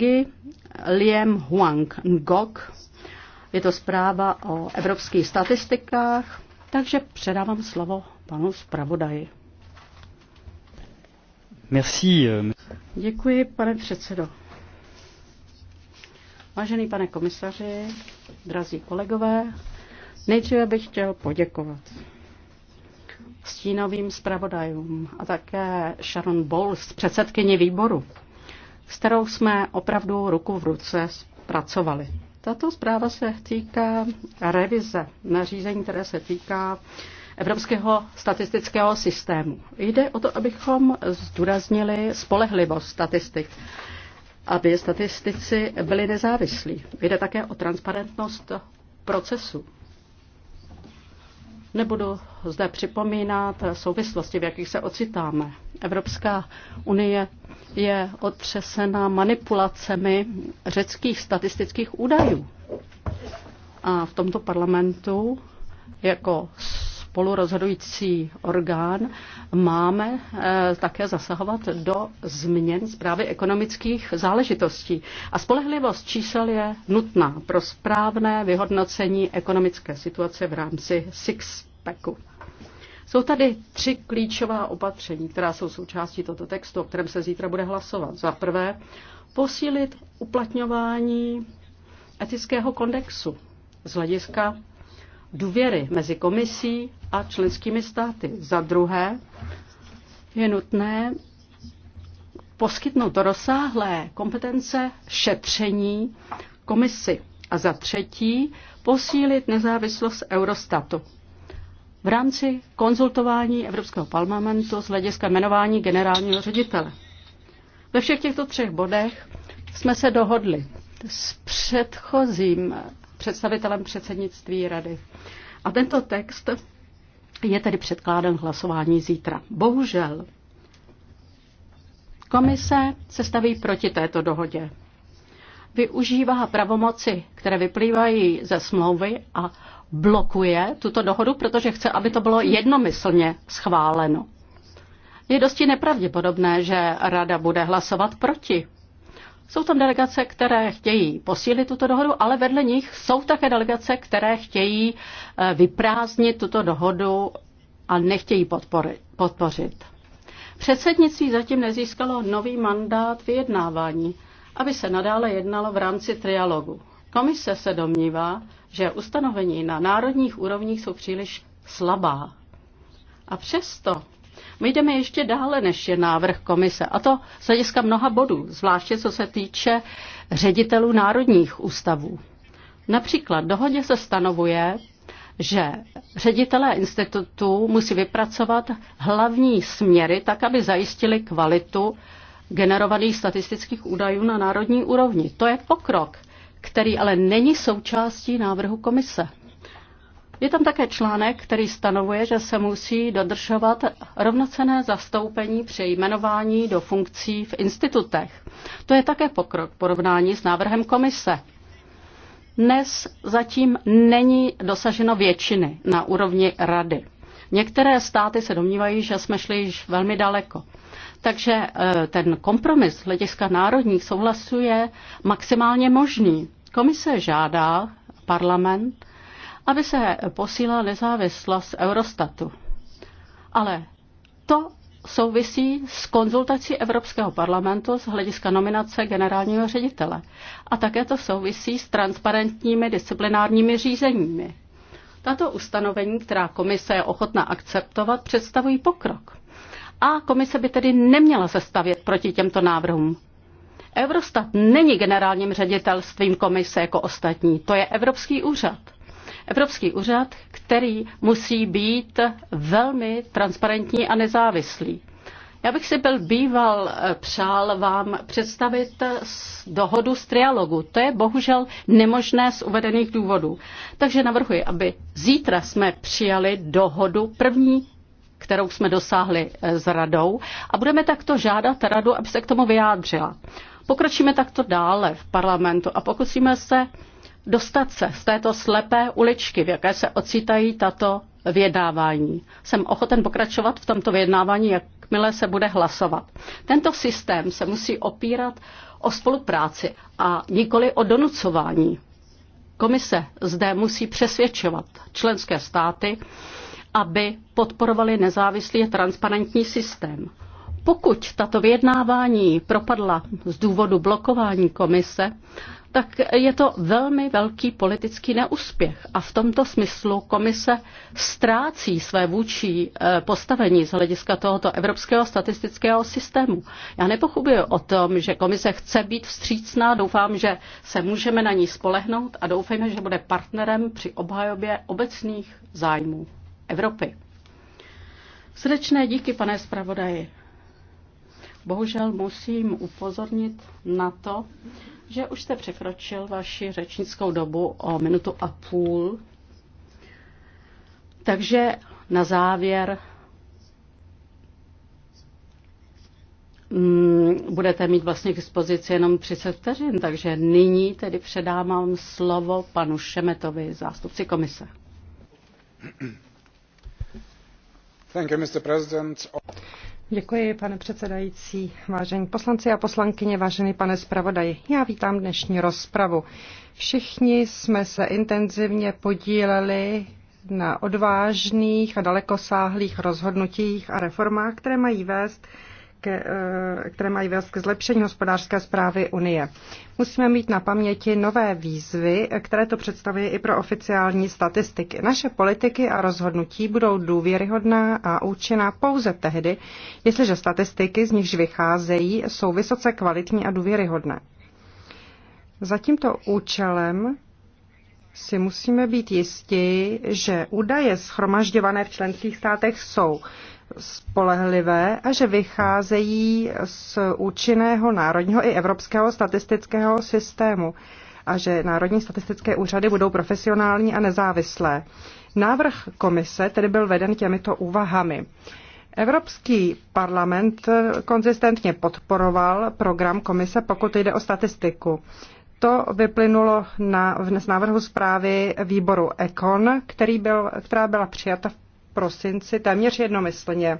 Gi Liem Huang Ngok. Je to zpráva o evropských statistikách, takže předávám slovo panu zpravodaji. Merci. Euh, Děkuji, pane předsedo. Vážený pane komisaři, drazí kolegové, nejdříve bych chtěl poděkovat stínovým zpravodajům a také Sharon Bowles, předsedkyni výboru s kterou jsme opravdu ruku v ruce pracovali. Tato zpráva se týká revize nařízení, které se týká Evropského statistického systému. Jde o to, abychom zdůraznili spolehlivost statistik, aby statistici byli nezávislí. Jde také o transparentnost procesu Nebudu zde připomínat souvislosti, v jakých se ocitáme. Evropská unie je otřesena manipulacemi řeckých statistických údajů. A v tomto parlamentu jako spolurozhodující orgán, máme eh, také zasahovat do změn zprávy ekonomických záležitostí. A spolehlivost čísel je nutná pro správné vyhodnocení ekonomické situace v rámci SIXPACu. Jsou tady tři klíčová opatření, která jsou součástí tohoto textu, o kterém se zítra bude hlasovat. Za prvé, posílit uplatňování etického kodexu z hlediska důvěry mezi komisí a členskými státy. Za druhé je nutné poskytnout rozsáhlé kompetence šetření komisi. A za třetí posílit nezávislost Eurostatu. V rámci konzultování Evropského parlamentu z hlediska jmenování generálního ředitele. Ve všech těchto třech bodech jsme se dohodli s předchozím představitelem předsednictví rady. A tento text je tedy předkládán hlasování zítra. Bohužel komise se staví proti této dohodě. Využívá pravomoci, které vyplývají ze smlouvy a blokuje tuto dohodu, protože chce, aby to bylo jednomyslně schváleno. Je dosti nepravděpodobné, že Rada bude hlasovat proti jsou tam delegace, které chtějí posílit tuto dohodu, ale vedle nich jsou také delegace, které chtějí eh, vyprázdnit tuto dohodu a nechtějí podpory, podpořit. Předsednictví zatím nezískalo nový mandát vyjednávání, aby se nadále jednalo v rámci trialogu. Komise se domnívá, že ustanovení na národních úrovních jsou příliš slabá. A přesto my jdeme ještě dále, než je návrh komise, a to z hlediska mnoha bodů, zvláště co se týče ředitelů národních ústavů. Například dohodě se stanovuje, že ředitelé institutů musí vypracovat hlavní směry tak, aby zajistili kvalitu generovaných statistických údajů na národní úrovni. To je pokrok, který ale není součástí návrhu komise. Je tam také článek, který stanovuje, že se musí dodržovat rovnocené zastoupení při jmenování do funkcí v institutech. To je také pokrok v porovnání s návrhem komise. Dnes zatím není dosaženo většiny na úrovni rady. Některé státy se domnívají, že jsme šli již velmi daleko. Takže eh, ten kompromis hlediska národních souhlasů je maximálně možný. Komise žádá parlament, aby se posílila nezávislost Eurostatu. Ale to souvisí s konzultací Evropského parlamentu z hlediska nominace generálního ředitele. A také to souvisí s transparentními disciplinárními řízeními. Tato ustanovení, která komise je ochotná akceptovat, představují pokrok. A komise by tedy neměla se stavět proti těmto návrhům. Eurostat není generálním ředitelstvím komise jako ostatní, to je Evropský úřad. Evropský úřad, který musí být velmi transparentní a nezávislý. Já bych si byl býval eh, přál vám představit eh, dohodu z trialogu. To je bohužel nemožné z uvedených důvodů. Takže navrhuji, aby zítra jsme přijali dohodu první kterou jsme dosáhli eh, s radou a budeme takto žádat radu, aby se k tomu vyjádřila. Pokročíme takto dále v parlamentu a pokusíme se dostat se z této slepé uličky, v jaké se ocitají tato vyjednávání. Jsem ochoten pokračovat v tomto vyjednávání, jakmile se bude hlasovat. Tento systém se musí opírat o spolupráci a nikoli o donucování. Komise zde musí přesvědčovat členské státy, aby podporovali nezávislý a transparentní systém. Pokud tato vyjednávání propadla z důvodu blokování komise, tak je to velmi velký politický neúspěch. A v tomto smyslu komise ztrácí své vůči eh, postavení z hlediska tohoto evropského statistického systému. Já nepochybuji o tom, že komise chce být vstřícná, doufám, že se můžeme na ní spolehnout a doufejme, že bude partnerem při obhajobě obecných zájmů Evropy. Srdečné díky, pane zpravodaji. Bohužel musím upozornit na to, že už jste překročil vaši řečnickou dobu o minutu a půl. Takže na závěr mm, budete mít vlastně k dispozici jenom 30 vteřin, takže nyní tedy předávám slovo panu Šemetovi, zástupci komise. Thank you, Mr. President. Děkuji, pane předsedající, vážení poslanci a poslankyně, vážený pane zpravodaji. Já vítám dnešní rozpravu. Všichni jsme se intenzivně podíleli na odvážných a dalekosáhlých rozhodnutích a reformách, které mají vést ke, eh, které mají vést k zlepšení hospodářské zprávy Unie. Musíme mít na paměti nové výzvy, které to představuje i pro oficiální statistiky. Naše politiky a rozhodnutí budou důvěryhodná a účinná pouze tehdy, jestliže statistiky, z nichž vycházejí, jsou vysoce kvalitní a důvěryhodné. Za tímto účelem si musíme být jisti, že údaje schromažďované v členských státech jsou spolehlivé a že vycházejí z účinného národního i evropského statistického systému a že národní statistické úřady budou profesionální a nezávislé. Návrh komise tedy byl veden těmito úvahami. Evropský parlament konzistentně podporoval program komise, pokud jde o statistiku to vyplynulo na, z návrhu zprávy výboru ECON, který byl, která byla přijata v prosinci téměř jednomyslně.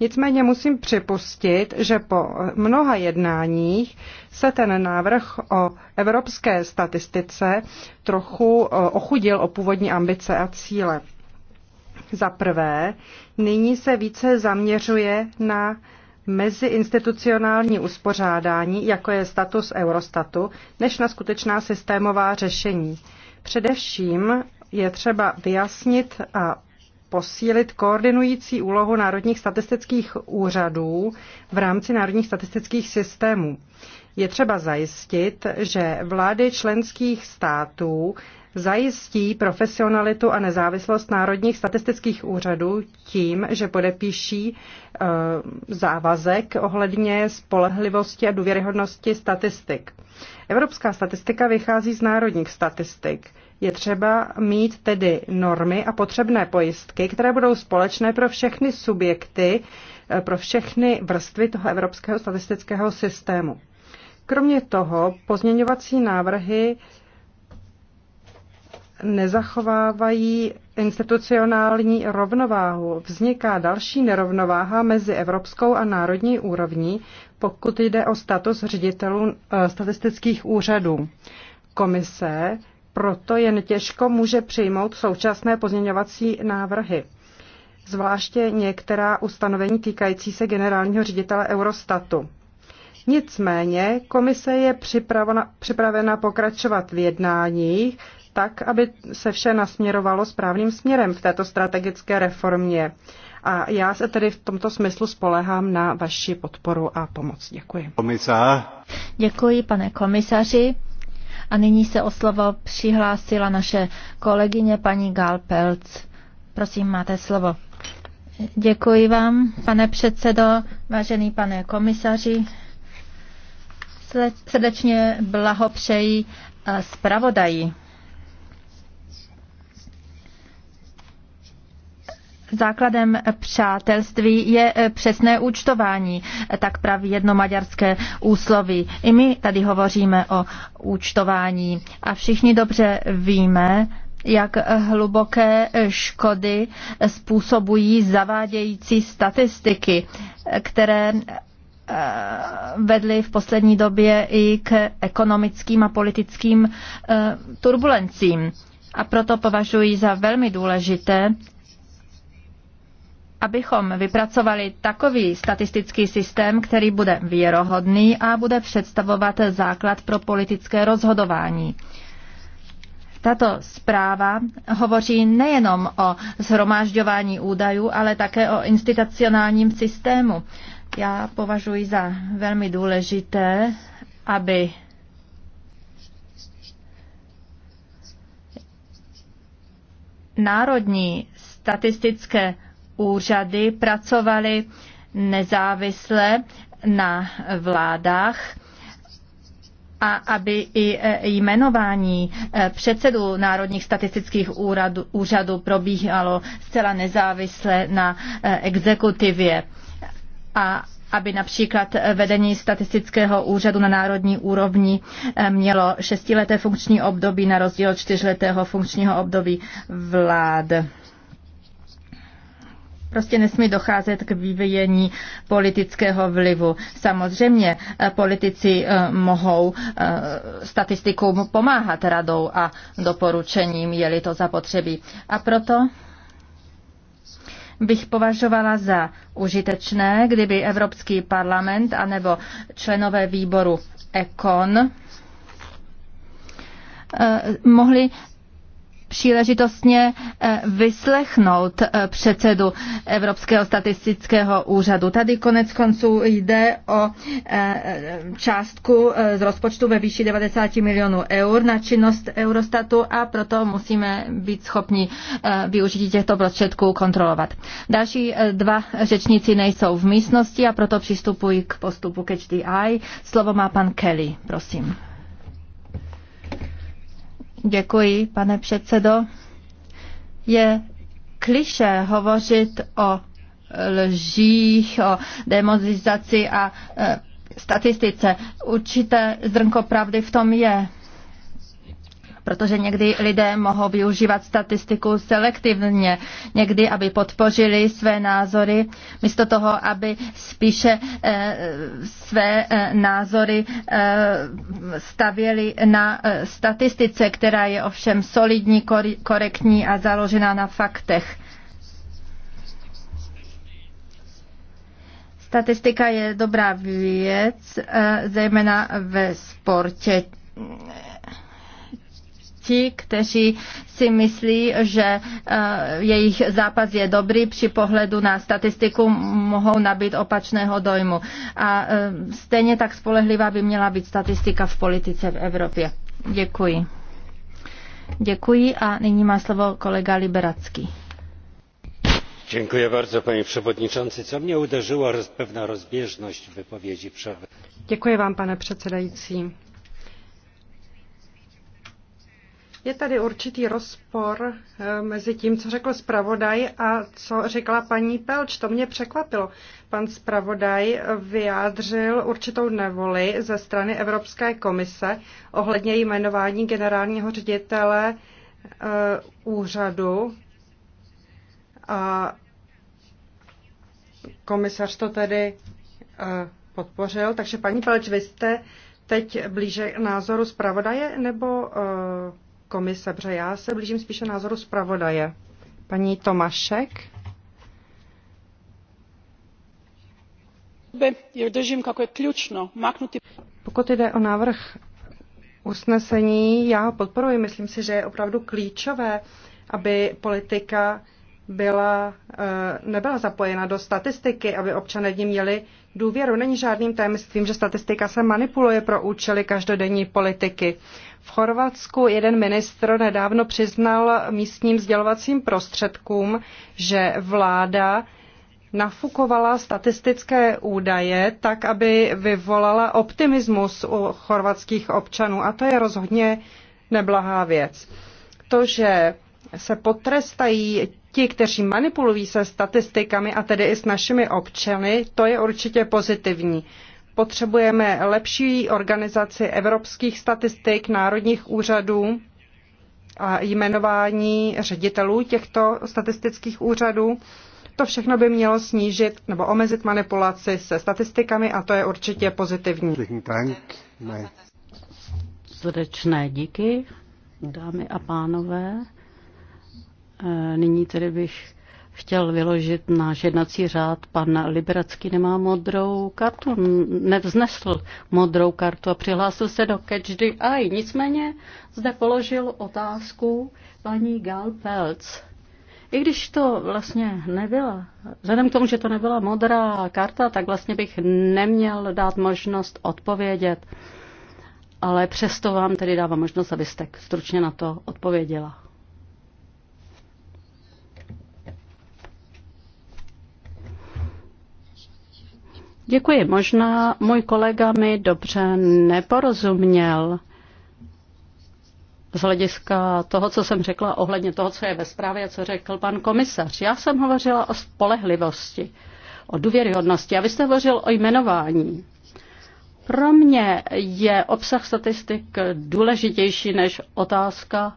Nicméně musím připustit, že po mnoha jednáních se ten návrh o evropské statistice trochu eh, ochudil o původní ambice a cíle. Za prvé, nyní se více zaměřuje na meziinstitucionální uspořádání, jako je status Eurostatu, než na skutečná systémová řešení. Především je třeba vyjasnit a posílit koordinující úlohu národních statistických úřadů v rámci národních statistických systémů. Je třeba zajistit, že vlády členských států zajistí profesionalitu a nezávislost národních statistických úřadů tím, že podepíší e, závazek ohledně spolehlivosti a důvěryhodnosti statistik. Evropská statistika vychází z národních statistik. Je třeba mít tedy normy a potřebné pojistky, které budou společné pro všechny subjekty, e, pro všechny vrstvy toho evropského statistického systému. Kromě toho pozměňovací návrhy nezachovávají institucionální rovnováhu. Vzniká další nerovnováha mezi evropskou a národní úrovní, pokud jde o status ředitelů eh, statistických úřadů. Komise proto jen těžko může přijmout současné pozměňovací návrhy. Zvláště některá ustanovení týkající se generálního ředitele Eurostatu. Nicméně komise je připravena, připravena pokračovat v jednáních tak, aby se vše nasměrovalo správným směrem v této strategické reformě. A já se tedy v tomto smyslu spolehám na vaši podporu a pomoc. Děkuji. Komisář. Děkuji, pane komisaři. A nyní se o slovo přihlásila naše kolegyně paní Galpelc. Prosím, máte slovo. Děkuji vám, pane předsedo, vážený pane komisaři. Srdečně blahopřeji eh, zpravodaji. Základem přátelství je eh, přesné účtování, eh, tak praví jedno maďarské úsloví. I my tady hovoříme o účtování a všichni dobře víme, jak hluboké eh, škody způsobují zavádějící statistiky, které vedly v poslední době i k ekonomickým a politickým turbulencím. A proto považuji za velmi důležité, abychom vypracovali takový statistický systém, který bude věrohodný a bude představovat základ pro politické rozhodování. Tato zpráva hovoří nejenom o zhromážďování údajů, ale také o institucionálním systému. Já považuji za velmi důležité, aby národní statistické úřady pracovaly nezávisle na vládách a aby i e, jmenování e, předsedů Národních statistických úradů, úřadů probíhalo zcela nezávisle na e, exekutivě. A aby například vedení statistického úřadu na národní úrovni mělo šestileté funkční období na rozdíl od čtyřletého funkčního období vlád. Prostě nesmí docházet k vyvíjení politického vlivu. Samozřejmě eh, politici eh, mohou eh, statistikům pomáhat radou a doporučením, je-li to zapotřebí. A proto bych považovala za užitečné, kdyby Evropský parlament anebo členové výboru ECON mohli příležitostně eh, vyslechnout eh, předsedu Evropského statistického úřadu. Tady konec konců jde o eh, částku z rozpočtu ve výši 90 milionů eur na činnost Eurostatu a proto musíme být schopni využití těchto prostředků kontrolovat. Další dva řečníci nejsou v místnosti a proto přistupují k postupu the Eye. Slovo má pan Kelly, prosím. Děkuji, pane předsedo. Je kliše hovořit o lžích, o demonizaci a e, statistice. Určité zrnko pravdy v tom je protože někdy lidé mohou využívat statistiku selektivně, někdy, aby podpořili své názory, místo toho, aby spíše eh, své eh, názory eh, stavěli na statistice, která je ovšem solidní, korektní a založená na faktech. Statistika je dobrá věc, zejména ve sportě ti, kteří si myslí, že eh, jejich zápas je dobrý, při pohledu na statistiku mohou nabít opačného dojmu. A eh, stejně tak spolehlivá by měla být statistika v politice v Evropě. Děkuji. Děkuji a nyní má slovo kolega Liberacký. Dziękuję bardzo, panie przewodniczący. Co mnie uderzyło, pewna rozbieżność wypowiedzi. przewodniczącego. Dziękuję wam, panie przewodniczący. Je tady určitý rozpor eh, mezi tím, co řekl zpravodaj a co řekla paní Pelč. To mě překvapilo. Pan zpravodaj vyjádřil určitou nevoli ze strany Evropské komise ohledně jmenování generálního ředitele eh, úřadu a komisař to tedy eh, podpořil. Takže paní Pelč, vy jste teď blíže názoru zpravodaje nebo komise, protože já se blížím spíše názoru zpravodaje. Paní Tomašek. Jako Pokud jde o návrh usnesení, já ho podporuji. Myslím si, že je opravdu klíčové, aby politika byla, eh, nebyla zapojena do statistiky, aby občané v ní měli důvěru. Není žádným tajemstvím, že statistika se manipuluje pro účely každodenní politiky. V Chorvatsku jeden ministr nedávno přiznal místním sdělovacím prostředkům, že vláda nafukovala statistické údaje tak, aby vyvolala optimismus u chorvatských občanů. A to je rozhodně neblahá věc. To, že se potrestají ti, kteří manipulují se statistikami a tedy i s našimi občany, to je určitě pozitivní. Potřebujeme lepší organizaci evropských statistik, národních úřadů a jmenování ředitelů těchto statistických úřadů. To všechno by mělo snížit nebo omezit manipulaci se statistikami a to je určitě pozitivní. Srdečné díky, dámy a pánové. E, nyní tedy bych chtěl vyložit náš jednací řád. Pan Liberacký nemá modrou kartu, nevznesl modrou kartu a přihlásil se do Catch the Eye. Nicméně zde položil otázku paní Gal Pelc. I když to vlastně nebyla, vzhledem k tomu, že to nebyla modrá karta, tak vlastně bych neměl dát možnost odpovědět. Ale přesto vám tedy dávám možnost, abyste stručně na to odpověděla. Děkuji. Možná můj kolega mi dobře neporozuměl z hlediska toho, co jsem řekla ohledně toho, co je ve zprávě a co řekl pan komisař. Já jsem hovořila o spolehlivosti, o důvěryhodnosti a vy jste hovořil o jmenování. Pro mě je obsah statistik důležitější než otázka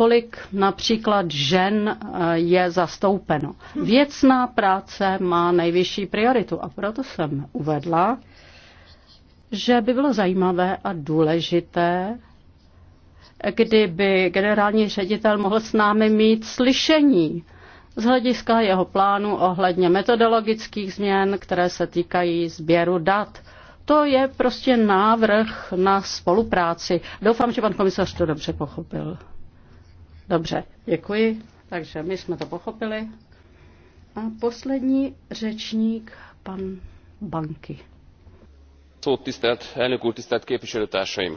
kolik například žen eh, je zastoupeno. Věcná práce má nejvyšší prioritu a proto jsem uvedla, že by bylo zajímavé a důležité, kdyby generální ředitel mohl s námi mít slyšení z hlediska jeho plánu ohledně metodologických změn, které se týkají sběru dat. To je prostě návrh na spolupráci. Doufám, že pan komisař to dobře pochopil. Dobře, děkuji. Takže my jsme to pochopili. A poslední řečník, pan Banky. Szót tisztelt, elnök úr, tisztelt képviselőtársaim.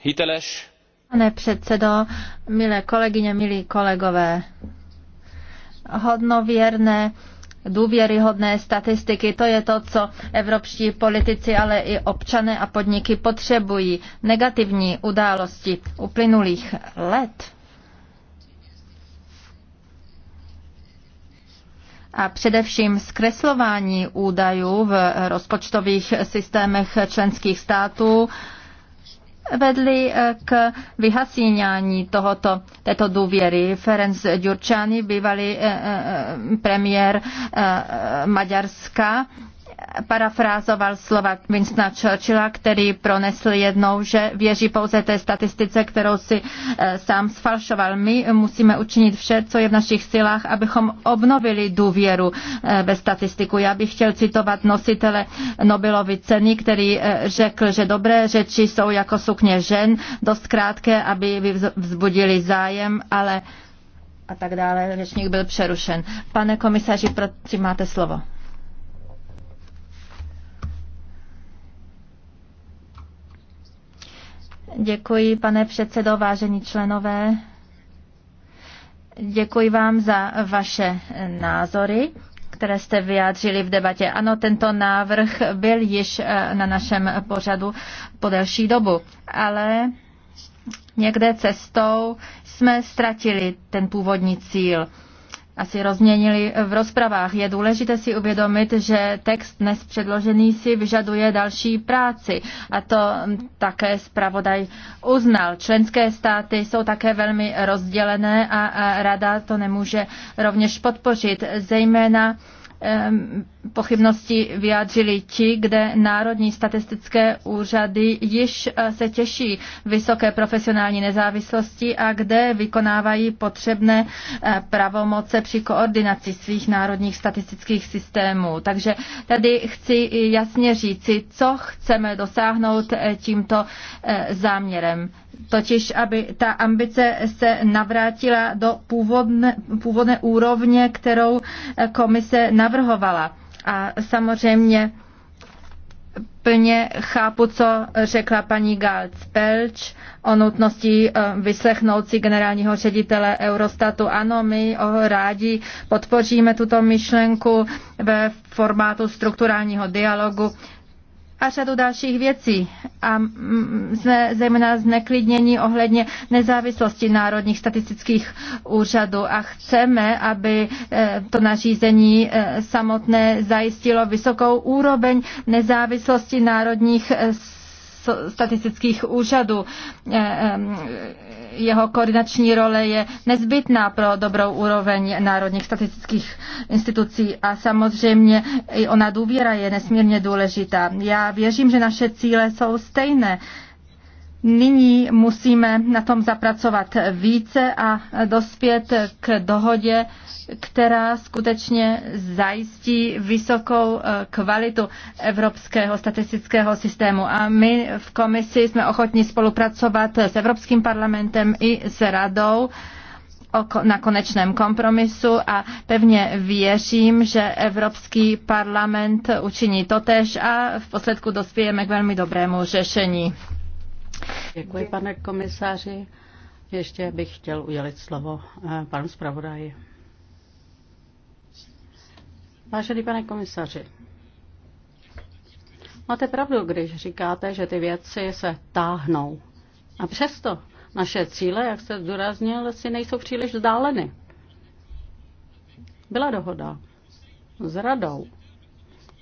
Hiteles. Pane předsedo, milé kolegyně, milí kolegové, hodnověrné důvěryhodné statistiky. To je to, co evropští politici, ale i občané a podniky potřebují. Negativní události uplynulých let a především zkreslování údajů v rozpočtových systémech členských států vedly eh, k vyhasínání tohoto, této důvěry. Ferenc Gyurcsány, bývalý eh, eh, premiér Maďarska, parafrázoval slova Winstona Churchilla, který pronesl jednou, že věří pouze té statistice, kterou si e, sám sfalšoval. My musíme učinit vše, co je v našich silách, abychom obnovili důvěru e, ve statistiku. Já bych chtěl citovat nositele Nobelovy ceny, který e, řekl, že dobré řeči jsou jako sukně žen, dost krátké, aby vzbudili zájem, ale a tak dále. Řečník byl přerušen. Pane komisaři, prosím, máte slovo. Děkuji, pane předsedo, vážení členové. Děkuji vám za vaše názory které jste vyjádřili v debatě. Ano, tento návrh byl již eh, na našem pořadu po delší dobu, ale někde cestou jsme ztratili ten původní cíl asi rozměnili v rozpravách. Je důležité si uvědomit, že text dnes předložený si vyžaduje další práci a to mm, také zpravodaj uznal. Členské státy jsou také velmi rozdělené a rada to nemůže rovněž podpořit, zejména pochybnosti vyjádřili ti, kde národní statistické úřady již eh, se těší vysoké profesionální nezávislosti a kde vykonávají potřebné eh, pravomoce při koordinaci svých národních statistických systémů. Takže tady chci jasně říci, co chceme dosáhnout eh, tímto záměrem totiž aby ta ambice se navrátila do původné, původné úrovně, kterou komise navrhovala. A samozřejmě plně chápu, co řekla paní Galc-Pelč o nutnosti eh, vyslechnout si generálního ředitele Eurostatu. Ano, my ho rádi podpoříme tuto myšlenku ve formátu strukturálního dialogu a řadu dalších věcí a jsme zejména zneklidnění ohledně nezávislosti národních statistických úřadů a chceme, aby eh, to nařízení eh, samotné zajistilo vysokou úroveň nezávislosti národních eh, statistických úřadů. E, e, jeho koordinační role je nezbytná pro dobrou úroveň národních statistických institucí a samozřejmě i ona důvěra je nesmírně důležitá. Já věřím, že naše cíle jsou stejné. Nyní musíme na tom zapracovat více a dospět k dohodě, která skutečně zajistí vysokou eh, kvalitu evropského statistického systému. A my v komisi jsme ochotni spolupracovat s Evropským parlamentem i s radou na konečném kompromisu a pevně věřím, že Evropský parlament učiní totež a v posledku dospějeme k velmi dobrému řešení. Děkuji, pane komisáři. Ještě bych chtěl udělit slovo eh, panu zpravodaji. Vážený pane komisaři, máte pravdu, když říkáte, že ty věci se táhnou. A přesto naše cíle, jak jste zdůraznil, si nejsou příliš vzdáleny. Byla dohoda s radou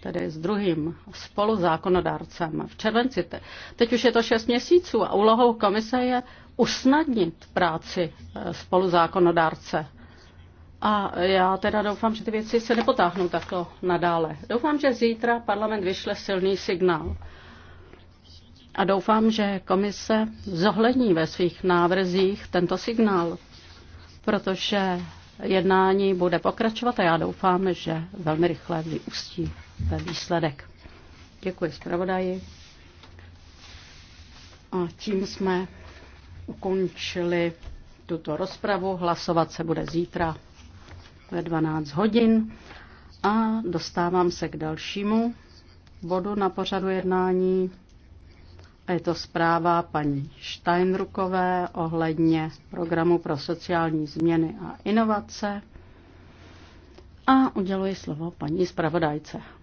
tedy s druhým spoluzákonodárcem v červenci. Teď už je to šest měsíců a úlohou komise je usnadnit práci e, spoluzákonodárce. A já teda doufám, že ty věci se nepotáhnou takto nadále. Doufám, že zítra parlament vyšle silný signál. A doufám, že komise zohlední ve svých návrzích tento signál, protože jednání bude pokračovat a já doufám, že velmi rychle vyústí výsledek. Děkuji zpravodaji. A tím jsme ukončili tuto rozpravu. Hlasovat se bude zítra ve 12 hodin. A dostávám se k dalšímu bodu na pořadu jednání. A je to zpráva paní Steinrukové ohledně programu pro sociální změny a inovace. A uděluji slovo paní zpravodajce.